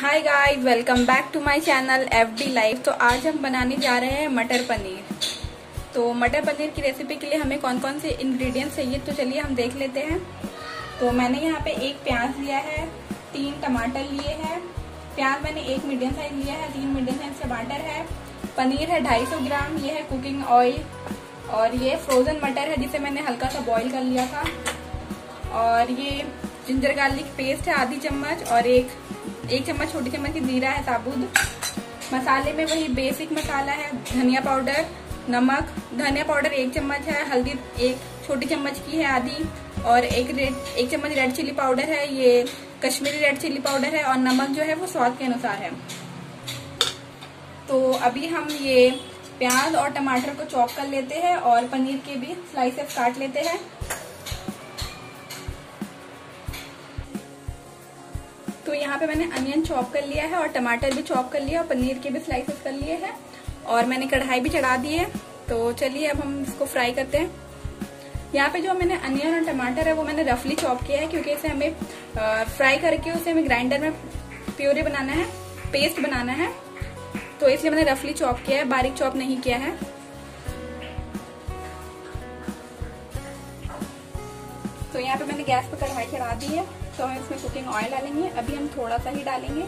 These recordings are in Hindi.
hi guys welcome back to my channel F D life तो आज हम बनाने जा रहे हैं मटर पनीर तो मटर पनीर की रेसिपी के लिए हमें कौन कौन से इंग्रेडिएंट्स चाहिए तो चलिए हम देख लेते हैं तो मैंने यहाँ पे एक प्याज लिया है तीन टमाटर लिए हैं प्याज मैंने एक मीडियम साइज लिया है तीन मीडियम साइज टमाटर है पनीर है ढाई ग्राम ये है कुकिंग ऑयल और ये फ्रोजन मटर है जिसे मैंने हल्का सा बॉयल कर लिया था और ये जिंजर गार्लिक पेस्ट है आधी चम्मच और एक एक चम्मच छोटी चम्मच की जीरा है साबुत मसाले में वही बेसिक मसाला है धनिया पाउडर नमक धनिया पाउडर एक चम्मच है हल्दी एक छोटी चम्मच की है आधी और एक रेड एक चम्मच रेड चिली पाउडर है ये कश्मीरी रेड चिली पाउडर है और नमक जो है वो स्वाद के अनुसार है तो अभी हम ये प्याज और टमाटर को चॉप कर लेते हैं और पनीर के भी स्लाइसेस काट लेते हैं तो यहाँ पे मैंने अनियन चॉप कर लिया है और टमाटर भी चॉप कर लिया और पनीर के भी स्लाइसेस कर लिए हैं और मैंने कढ़ाई भी चढ़ा दी है तो चलिए अब हम इसको फ्राई करते हैं यहाँ पे जो मैंने अनियन और टमाटर है वो मैंने रफली चॉप किया है क्योंकि इसे हमें फ्राई करके उसे हमें ग्राइंडर में प्योरे बनाना है पेस्ट बनाना है तो इसलिए मैंने रफली चॉप किया है बारीक चॉप नहीं किया है यहाँ पे मैंने गैस पर कढ़ाई चढ़ा दी है तो हम इसमें कुकिंग ऑयल डालेंगे अभी हम थोड़ा सा ही डालेंगे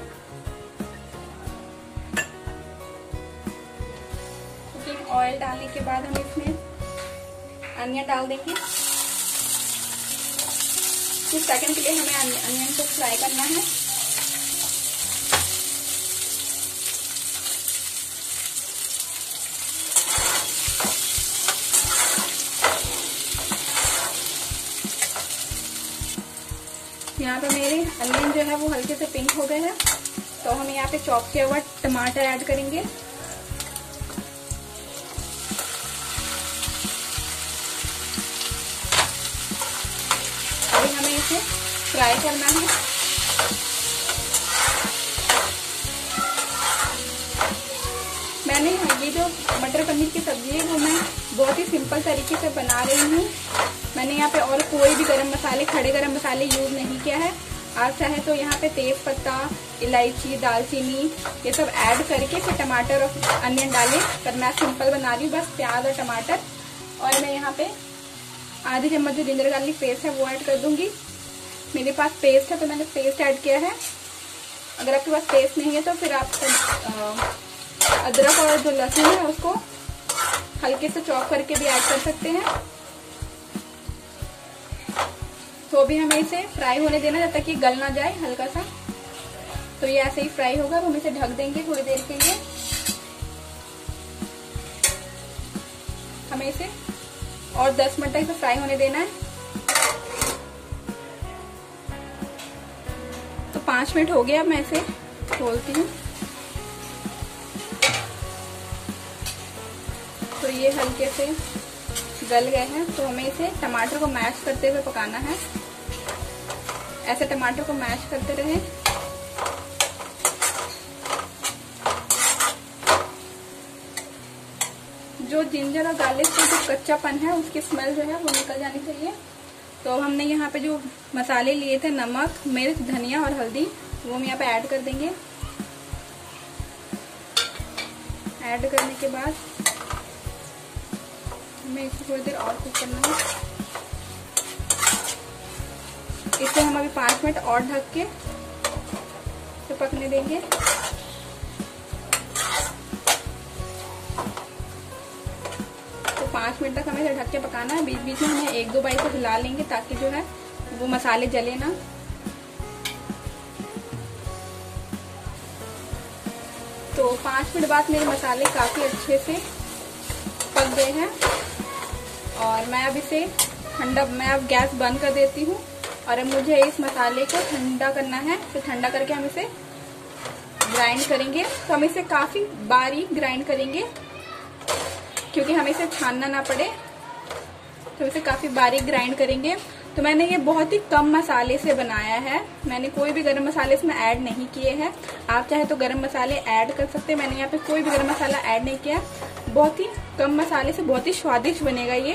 कुकिंग ऑयल डालने के बाद हम इसमें अनियन डाल देंगे कुछ सेकंड के लिए हमें अनियन को फ्राई करना है यहाँ पे मेरे अनियन जो है वो हल्के से पिंक हो गए हैं तो हम यहाँ पे चॉप किया हुआ टमाटर ऐड करेंगे अभी हमें इसे फ्राई करना है मैंने ये जो मटर पनीर की सब्जी है वो मैं बहुत ही सिंपल तरीके से बना रही हूँ मैंने यहाँ पे और कोई भी गरम मसाले खड़े गरम मसाले यूज नहीं किया है आप चाहे तो यहाँ पे तेज पत्ता इलायची दालचीनी ये सब ऐड करके फिर टमाटर और अनियन डालें पर मैं सिंपल बना रही हूँ बस प्याज और टमाटर और मैं यहाँ पे आधी चम्मच जो जिंजर गार्लिक पेस्ट है वो ऐड कर दूंगी मेरे पास पेस्ट है तो मैंने पेस्ट ऐड किया है अगर आपके पास पेस्ट नहीं है तो फिर आप अदरक और जो लहसुन है उसको हल्के से चॉप करके भी ऐड कर सकते हैं तो भी हमें इसे फ्राई होने देना जब तक ये गल ना जाए हल्का सा तो ये ऐसे ही फ्राई होगा अब हम इसे ढक देंगे थोड़ी देर के लिए हमें इसे और 10 मिनट तक इसे फ्राई होने देना है तो पांच मिनट हो गया अब मैं इसे खोलती हूँ ये हल्के से गल गए हैं तो हमें इसे टमाटर को मैश करते हुए पकाना है ऐसे टमाटर को मैश करते रहे जो जिंजर और गार्लिक का जो कच्चापन है उसकी स्मेल जो है वो निकल जानी चाहिए तो हमने यहाँ पे जो मसाले लिए थे नमक मिर्च धनिया और हल्दी वो हम यहाँ पे ऐड कर देंगे ऐड करने के बाद हमें इसको थोड़ी देर और कुक करना है इसे हम अभी पाँच मिनट और ढक के तो पकने देंगे तो पाँच मिनट तक हमें इसे ढक के पकाना है बीच बीच में हमें एक दो बाई को हिला लेंगे ताकि जो है वो मसाले जले ना तो पाँच मिनट बाद मेरे मसाले काफ़ी अच्छे से पक गए हैं और मैं अब इसे ठंडा मैं अब गैस बंद कर देती हूँ और अब मुझे इस मसाले को ठंडा करना है तो ठंडा करके हम इसे ग्राइंड करेंगे तो हम इसे काफ़ी बारीक ग्राइंड करेंगे क्योंकि हमें इसे छानना ना पड़े तो इसे काफ़ी बारीक ग्राइंड करेंगे तो मैंने ये बहुत ही कम मसाले से बनाया है मैंने कोई भी गरम मसाले इसमें ऐड नहीं किए हैं आप चाहे तो गरम मसाले ऐड कर सकते हैं मैंने यहाँ पे कोई भी गरम मसाला ऐड नहीं किया बहुत ही कम मसाले से बहुत ही स्वादिष्ट बनेगा ये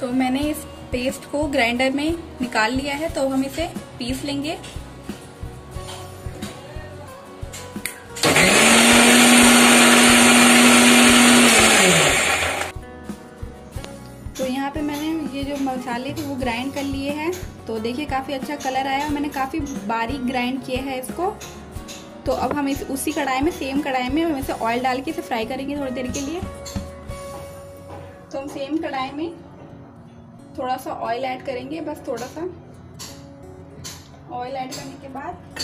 तो मैंने इस पेस्ट को ग्राइंडर में निकाल लिया है तो हम इसे पीस लेंगे तो यहाँ पे मैंने ये जो मसाले थे वो ग्राइंड कर लिए हैं तो देखिए काफ़ी अच्छा कलर आया मैंने काफ़ी बारीक ग्राइंड किया है इसको तो अब हम इस उसी कढ़ाई में सेम कढ़ाई में हम इसे ऑयल डाल के इसे फ्राई करेंगे थोड़ी देर के लिए तो हम सेम कढ़ाई में थोड़ा सा ऑयल ऐड करेंगे बस थोड़ा सा ऑयल ऐड करने के बाद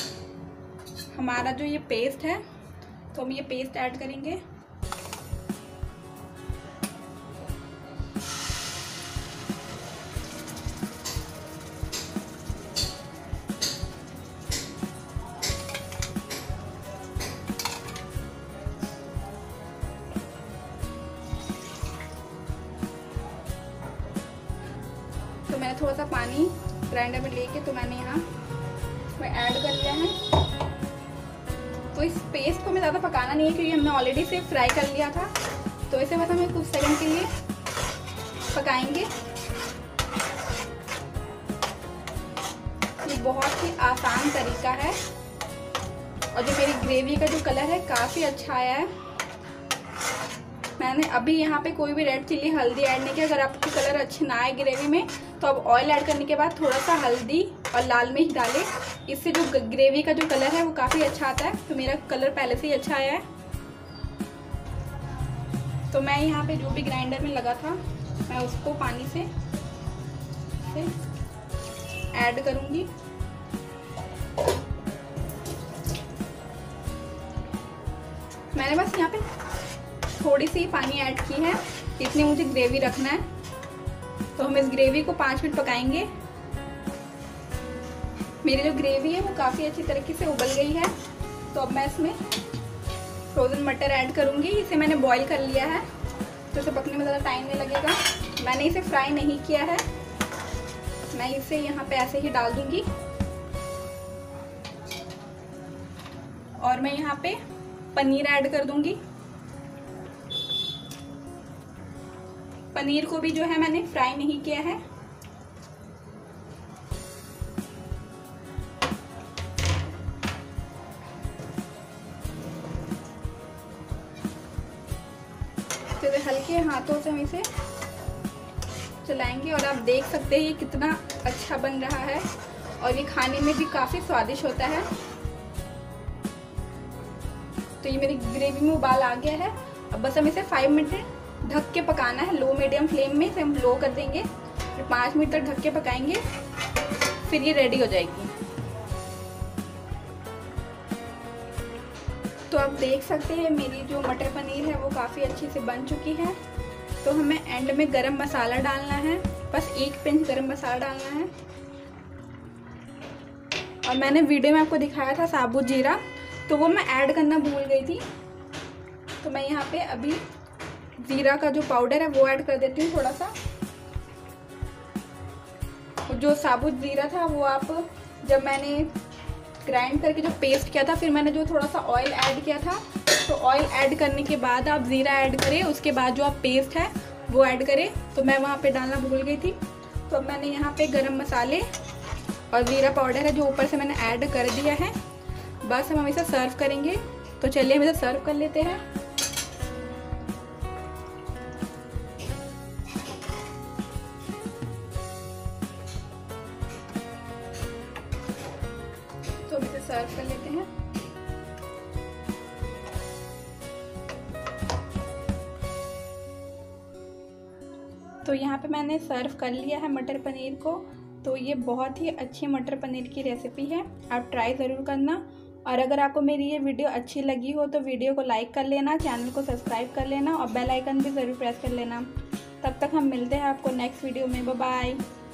हमारा जो ये पेस्ट है तो हम ये पेस्ट ऐड करेंगे मैंने थोड़ा सा पानी ग्राइंडर में लेके तो मैंने यहाँ मैं ऐड कर लिया है तो इस पेस्ट को मैं ज़्यादा पकाना नहीं है क्योंकि हमने ऑलरेडी इसे फ्राई कर लिया था तो इसे बस मतलब हमें कुछ सेकंड के लिए पकाएंगे ये बहुत ही आसान तरीका है और जो मेरी ग्रेवी का जो कलर है काफ़ी अच्छा आया है मैंने अभी यहाँ पे कोई भी रेड चिल्ली हल्दी ऐड नहीं किया अगर आपको कलर अच्छे ना आए ग्रेवी में तो अब ऑयल ऐड करने के बाद थोड़ा सा हल्दी और लाल मिर्च डालें इससे जो ग्रेवी का जो कलर है वो काफ़ी अच्छा आता है तो मेरा कलर पहले से ही अच्छा आया है तो मैं यहाँ पे जो भी ग्राइंडर में लगा था मैं उसको पानी से ऐड करूँगी मैंने बस यहाँ पे थोड़ी सी पानी ऐड की है इतनी मुझे ग्रेवी रखना है तो हम इस ग्रेवी को पाँच मिनट पकाएंगे मेरी जो ग्रेवी है वो काफ़ी अच्छी तरीके से उबल गई है तो अब मैं इसमें फ्रोज़न मटर ऐड करूँगी इसे मैंने बॉईल कर लिया है तो इसे पकने में ज़्यादा टाइम नहीं लगेगा मैंने इसे फ्राई नहीं किया है मैं इसे यहाँ पे ऐसे ही डाल दूँगी और मैं यहाँ पे पनीर ऐड कर दूँगी पनीर को भी जो है मैंने फ्राई नहीं किया है तो हल्के हाथों से हम इसे चलाएंगे और आप देख सकते हैं ये कितना अच्छा बन रहा है और ये खाने में भी काफ़ी स्वादिष्ट होता है तो ये मेरी ग्रेवी में उबाल आ गया है अब बस हम इसे फाइव मिनट ढक के पकाना है लो मीडियम फ्लेम में फिर हम लो कर देंगे फिर पाँच मिनट तक ढक के पकाएंगे फिर ये रेडी हो जाएगी तो आप देख सकते हैं मेरी जो मटर पनीर है वो काफ़ी अच्छे से बन चुकी है तो हमें एंड में गरम मसाला डालना है बस एक पिंच गरम मसाला डालना है और मैंने वीडियो में आपको दिखाया था साबुत जीरा तो वो मैं ऐड करना भूल गई थी तो मैं यहाँ पे अभी ज़ीरा का जो पाउडर है वो ऐड कर देती हूँ थोड़ा सा जो साबुत ज़ीरा था वो आप जब मैंने ग्राइंड करके जो पेस्ट किया था फिर मैंने जो थोड़ा सा ऑयल ऐड किया था तो ऑयल ऐड करने के बाद आप ज़ीरा ऐड करें उसके बाद जो आप पेस्ट है वो ऐड करें तो मैं वहाँ पे डालना भूल गई थी तो मैंने यहाँ पे गरम मसाले और ज़ीरा पाउडर है जो ऊपर से मैंने ऐड कर दिया है बस हम हमेशा सर्व करेंगे तो चलिए हम इसे सर्व कर लेते हैं सर्व कर लेते हैं तो यहाँ पे मैंने सर्व कर लिया है मटर पनीर को तो ये बहुत ही अच्छी मटर पनीर की रेसिपी है आप ट्राई ज़रूर करना और अगर आपको मेरी ये वीडियो अच्छी लगी हो तो वीडियो को लाइक कर लेना चैनल को सब्सक्राइब कर लेना और बेल आइकन भी ज़रूर प्रेस कर लेना तब तक हम मिलते हैं आपको नेक्स्ट वीडियो में बाय